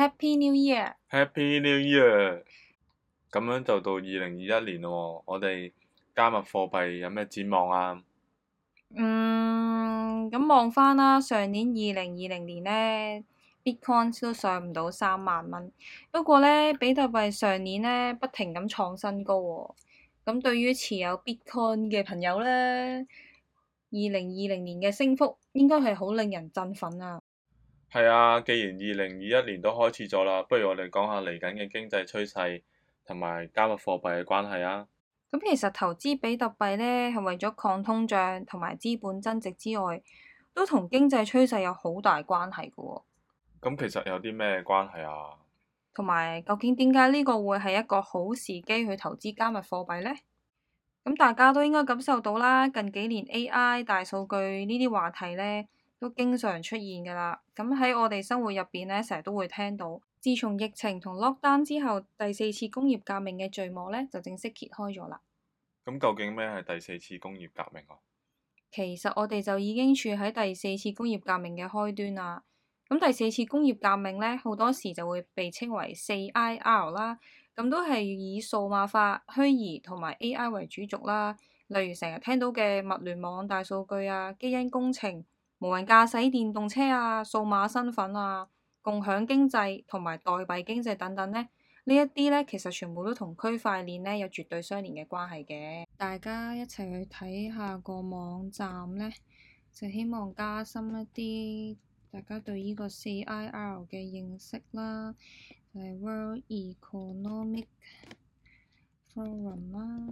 Happy New Year！Happy New Year！咁樣就到二零二一年咯，我哋加密貨幣有咩展望啊？嗯，咁望翻啦，上年二零二零年呢，Bitcoin 都上唔到三萬蚊。不過呢，比特幣上年呢不停咁創新高喎、哦。咁對於持有 Bitcoin 嘅朋友呢，二零二零年嘅升幅應該係好令人振奮啊！係啊，既然二零二一年都開始咗啦，不如我哋講下嚟緊嘅經濟趨勢同埋加密貨幣嘅關係啊。咁其實投資比特幣呢，係為咗抗通脹同埋資本增值之外，都同經濟趨勢有好大關係㗎喎。咁其實有啲咩關係啊？同埋，究竟點解呢個會係一個好時機去投資加密貨幣呢？咁大家都應該感受到啦，近幾年 AI、大數據呢啲話題呢。都經常出現噶啦，咁喺我哋生活入邊呢，成日都會聽到。自從疫情同 lockdown 之後，第四次工業革命嘅序幕呢，就正式揭開咗啦。咁究竟咩係第四次工業革命啊？其實我哋就已經處喺第四次工業革命嘅開端啦。咁第四次工業革命呢，好多時就會被稱為 4IR 啦，咁都係以數碼化、虛擬同埋 AI 為主軸啦。例如成日聽到嘅物聯網、大數據啊、基因工程。無人駕駛電動車啊，數碼身份啊，共享經濟同埋代幣經濟等等咧，呢一啲咧其實全部都同區塊鏈咧有絕對相連嘅關係嘅。大家一齊去睇下個網站呢，就希望加深一啲大家對呢個 4IR 嘅認識啦，就係、是、World Economic Forum 啦。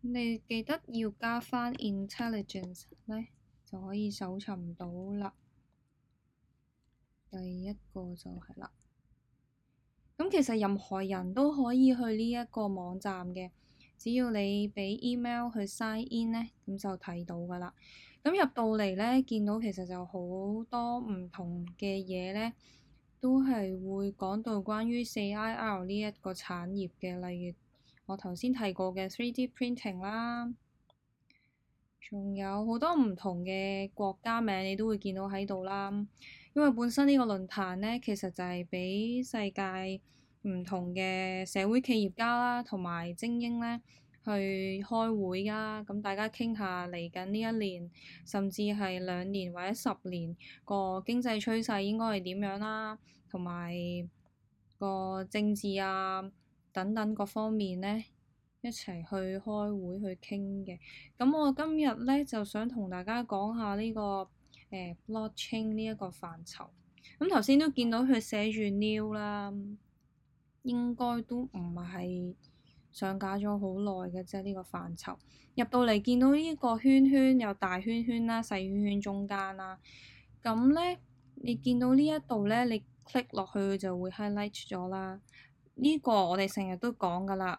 你記得要加翻 intelligence 咧。就可以搜尋到啦。第一個就係啦。咁其實任何人都可以去呢一個網站嘅，只要你畀 email 去 sign in 呢，咁就睇到噶啦。咁入到嚟呢，見到其實就好多唔同嘅嘢呢，都係會講到關於 4IR 呢一個產業嘅，例如我頭先提過嘅 3D printing 啦。仲、嗯、有好多唔同嘅國家名，你都會見到喺度啦。因為本身呢個論壇咧，其實就係畀世界唔同嘅社會企業家啦，同埋精英咧去開會㗎。咁、嗯、大家傾下嚟緊呢一年，甚至係兩年或者十年個經濟趨勢應該係點樣啦，同埋個政治啊等等各方面咧。一齊去開會去傾嘅，咁我今日咧就想同大家講下呢個誒，Blockchain 呢一個範疇。咁頭先都見到佢寫住 new 啦，應該都唔係上架咗好耐嘅啫。呢個範疇入到嚟見到呢個圈圈，有大圈圈啦、細圈圈中間啦。咁咧，你見到呢一度咧，你 click 落去就會 highlight 咗啦。呢個我哋成日都講噶啦。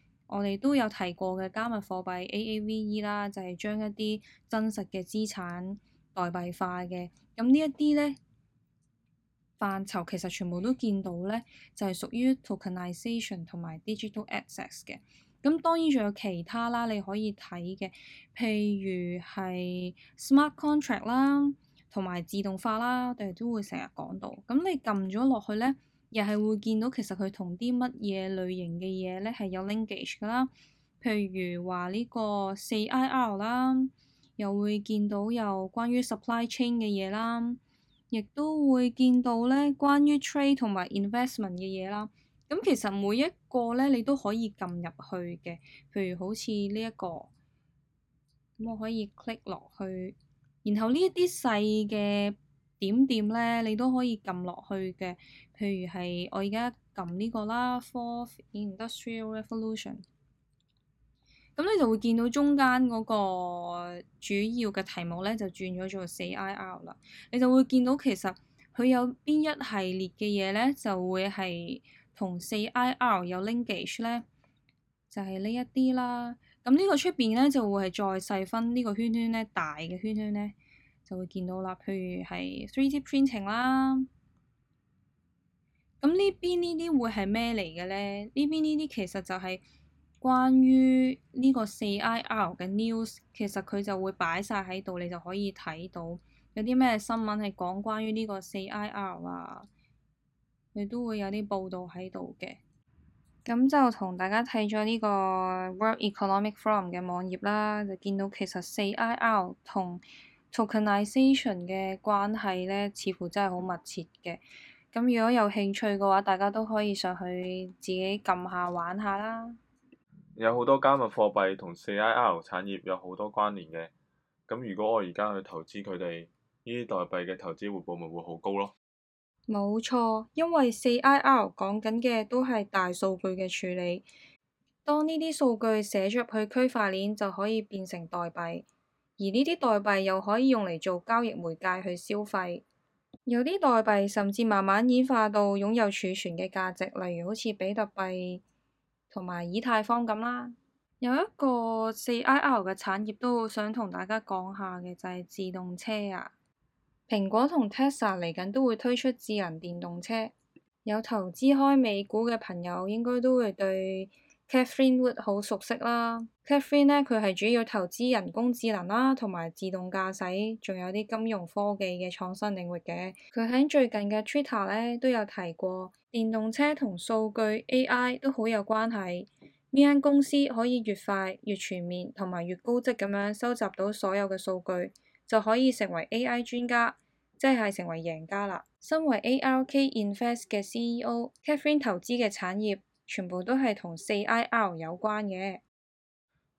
我哋都有提過嘅加密貨幣 Aave 啦，就係將一啲真實嘅資產代幣化嘅。咁呢一啲咧範疇其實全部都見到咧，就係屬於 tokenization 同埋 digital access 嘅。咁當然仲有其他啦，你可以睇嘅，譬如係 smart contract 啦，同埋自動化啦，我哋都會成日講到。咁你撳咗落去咧。又係會見到其實佢同啲乜嘢類型嘅嘢咧係有 linkage 噶啦，譬如話呢個 4IR 啦，又會見到有關於 supply chain 嘅嘢啦，亦都會見到咧關於 trade 同埋 investment 嘅嘢啦。咁其實每一個咧你都可以撳入去嘅，譬如好似呢一個，咁我可以 click 落去，然後呢一啲細嘅。點點咧，你都可以撳落去嘅。譬如係我而家撳呢個啦，Fourth Industrial Revolution。咁你就會見到中間嗰個主要嘅題目咧，就轉咗做四 IR 啦。你就會見到其實佢有邊一系列嘅嘢咧，就會係同四 IR 有 linkage 咧，就係呢一啲啦。咁呢個出邊咧就會係再細分呢個圈圈咧，大嘅圈圈咧。就會見到啦，譬如係 3D printing 啦。咁呢邊呢啲會係咩嚟嘅咧？呢邊呢啲其實就係關於呢個四 I R 嘅 news，其實佢就會擺晒喺度，你就可以睇到有啲咩新聞係講關於呢個四 I R 啊。佢都會有啲報道喺度嘅。咁就同大家睇咗呢個 World Economic Forum 嘅網頁啦，就見到其實四 I R 同 tokenisation 嘅關係呢，似乎真係好密切嘅。咁如果有興趣嘅話，大家都可以上去自己撳下玩下啦。有好多加密貨幣同 4IR 產業有好多關聯嘅。咁如果我而家去投資佢哋呢啲代幣嘅投資回報，咪會好高咯？冇錯，因為 4IR 講緊嘅都係大數據嘅處理。當呢啲數據寫咗入去區塊鏈，就可以變成代幣。而呢啲代幣又可以用嚟做交易媒介去消費，有啲代幣甚至慢慢演化到擁有儲存嘅價值，例如好似比特幣同埋以太坊咁啦。有一個 4IR 嘅產業都好想同大家講下嘅就係自動車啊，蘋果同 Tesla 嚟緊都會推出智能電動車，有投資開美股嘅朋友應該都會對。Catherine Wood 好熟悉啦。Catherine 呢，佢係主要投資人工智能啦，同埋自動駕駛，仲有啲金融科技嘅創新領域嘅。佢喺最近嘅 Twitter 呢都有提過，電動車同數據 AI 都好有關係。呢間公司可以越快越全面同埋越高質咁樣收集到所有嘅數據，就可以成為 AI 專家，即係成為贏家啦。身為 ARK Invest 嘅 CEO，Catherine 投資嘅產業。全部都係同 4IR 有關嘅。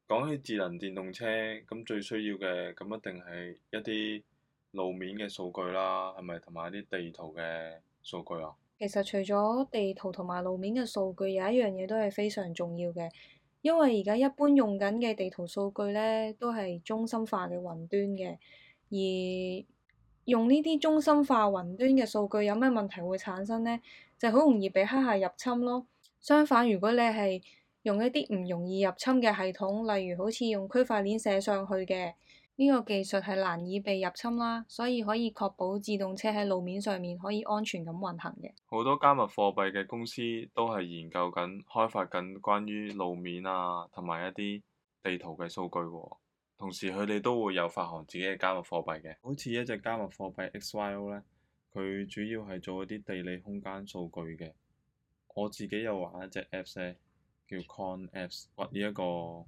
講起智能電動車，咁最需要嘅咁一定係一啲路面嘅數據啦，係咪同埋一啲地圖嘅數據啊？其實除咗地圖同埋路面嘅數據，有一樣嘢都係非常重要嘅，因為而家一般用緊嘅地圖數據呢，都係中心化嘅雲端嘅，而用呢啲中心化雲端嘅數據有咩問題會產生呢？就好容易被黑客入侵咯。相反，如果你係用一啲唔容易入侵嘅系統，例如好似用區塊鏈寫上去嘅，呢個技術係難以被入侵啦，所以可以確保自動車喺路面上面可以安全咁運行嘅。好多加密貨幣嘅公司都係研究緊、開發緊關於路面啊，同埋一啲地圖嘅數據喎，啊。同時，佢哋都會有發行自己嘅加密貨幣嘅。好似一隻加密貨幣 X Y O 呢，佢主要係做一啲地理空間數據嘅。我自己有玩一隻 Apps 咧，叫 Coin Apps，挖依一個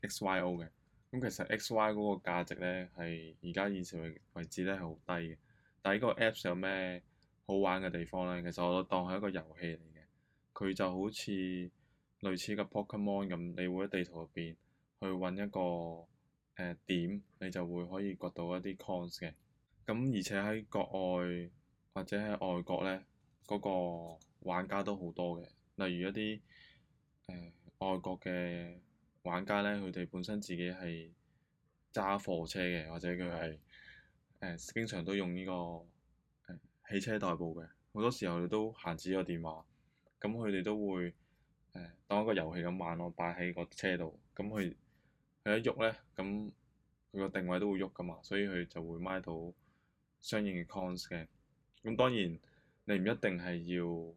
X Y O 嘅。咁其實 X Y 嗰個價值咧，係而家現時嘅位置咧係好低嘅。但係呢個 Apps 有咩好玩嘅地方咧？其實我都當係一個遊戲嚟嘅。佢就好似類似嘅 Pokemon 咁，你會喺地圖入邊去揾一個誒、呃、點，你就會可以掘到一啲 Coins 嘅。咁而且喺國外或者喺外國咧，嗰、那個玩家都好多嘅，例如一啲誒、呃、外國嘅玩家咧，佢哋本身自己係揸貨車嘅，或者佢係誒經常都用呢、這個個、呃、汽車代步嘅，好多時候你都閒置個電話，咁佢哋都會誒、呃、當一個遊戲咁玩咯，擺喺個車度，咁佢佢一喐咧，咁佢個定位都會喐噶嘛，所以佢就會買到相應嘅 coins 嘅。咁當然你唔一定係要。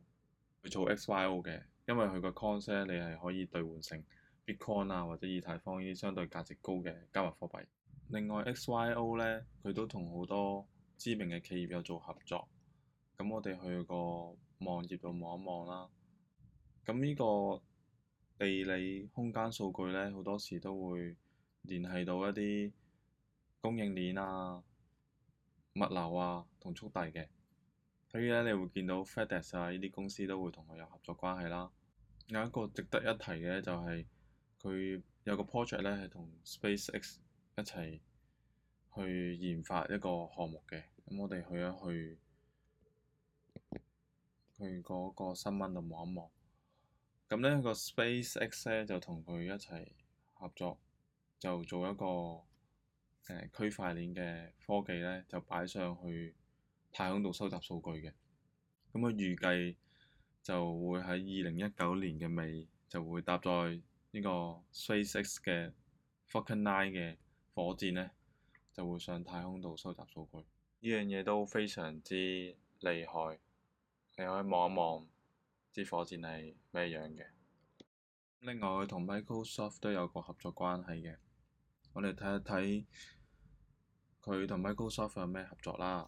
去做 X Y O 嘅，因為佢個 concept 你係可以兌換成 Bitcoin 啊或者以太坊呢啲相對價值高嘅加密貨幣。另外 X Y O 咧，佢都同好多知名嘅企業有做合作。咁我哋去個網頁度望一望啦。咁呢個地理空間數據咧，好多時都會聯繫到一啲供應鏈啊、物流啊同速遞嘅。所以呢，你會見到 FedEx 啊，呢啲公司都會同佢有合作關係啦。有一個值得一提嘅就係、是、佢有個 project 呢，係同 SpaceX 一齊去研發一個項目嘅。咁我哋去一去，去嗰個新聞度望一望。咁呢個 SpaceX 呢，就同佢一齊合作，就做一個誒、呃、區塊鏈嘅科技呢，就擺上去太空度收集數據嘅，咁佢預計就會喺二零一九年嘅尾就會搭載呢個 SpaceX 嘅 Falcon Nine 嘅火箭呢，就會上太空度收集數據。呢樣嘢都非常之厲害，你可以望一望啲火箭係咩樣嘅。另外佢同 Microsoft 都有個合作關係嘅，我哋睇一睇佢同 Microsoft 有咩合作啦。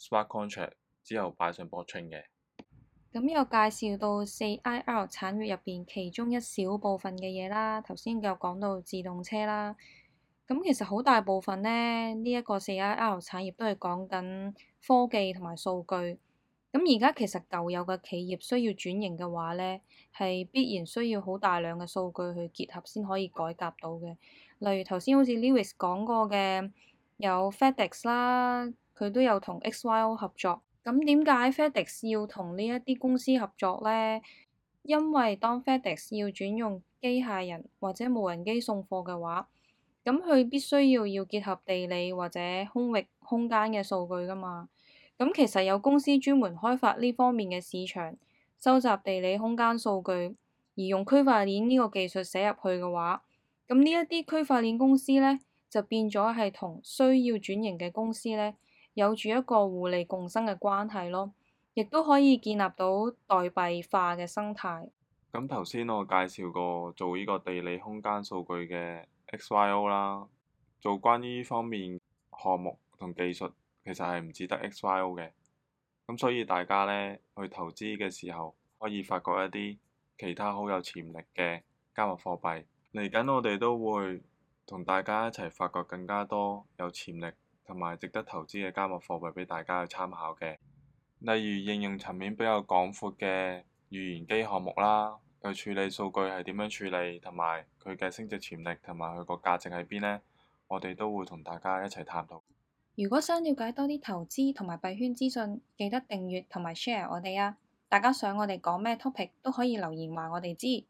Smart contract 之後擺上 Blockchain 嘅，咁又介紹到 4IR 產業入邊其中一小部分嘅嘢啦。頭先又講到自動車啦，咁其實好大部分呢，呢、呢、一個 4IR 產業都係講緊科技同埋數據。咁而家其實舊有嘅企業需要轉型嘅話咧，係必然需要好大量嘅數據去結合先可以改革到嘅。例如頭先好似 Lewis 講過嘅，有 FedEx 啦。佢都有同 X Y O 合作。咁點解 FedEx 要同呢一啲公司合作呢？因為當 FedEx 要轉用機械人或者無人機送貨嘅話，咁佢必須要要結合地理或者空域空間嘅數據㗎嘛。咁其實有公司專門開發呢方面嘅市場，收集地理空間數據，而用區塊鏈呢個技術寫入去嘅話，咁呢一啲區塊鏈公司呢，就變咗係同需要轉型嘅公司呢。有住一個互利共生嘅關係咯，亦都可以建立到代幣化嘅生態。咁頭先我介紹過做呢個地理空間數據嘅 X Y O 啦，做關於呢方面項目同技術，其實係唔止得 X Y O 嘅。咁所以大家呢，去投資嘅時候，可以發覺一啲其他好有潛力嘅加密貨幣。嚟緊我哋都會同大家一齊發覺更加多有潛力。同埋值得投資嘅加密貨幣俾大家去參考嘅，例如應用層面比較廣闊嘅預言機項目啦，佢處理數據係點樣處理，同埋佢嘅升值潛力，同埋佢個價值喺邊呢？我哋都會同大家一齊探討。如果想了解多啲投資同埋幣圈資訊，記得訂閱同埋 share 我哋啊！大家想我哋講咩 topic 都可以留言話我哋知。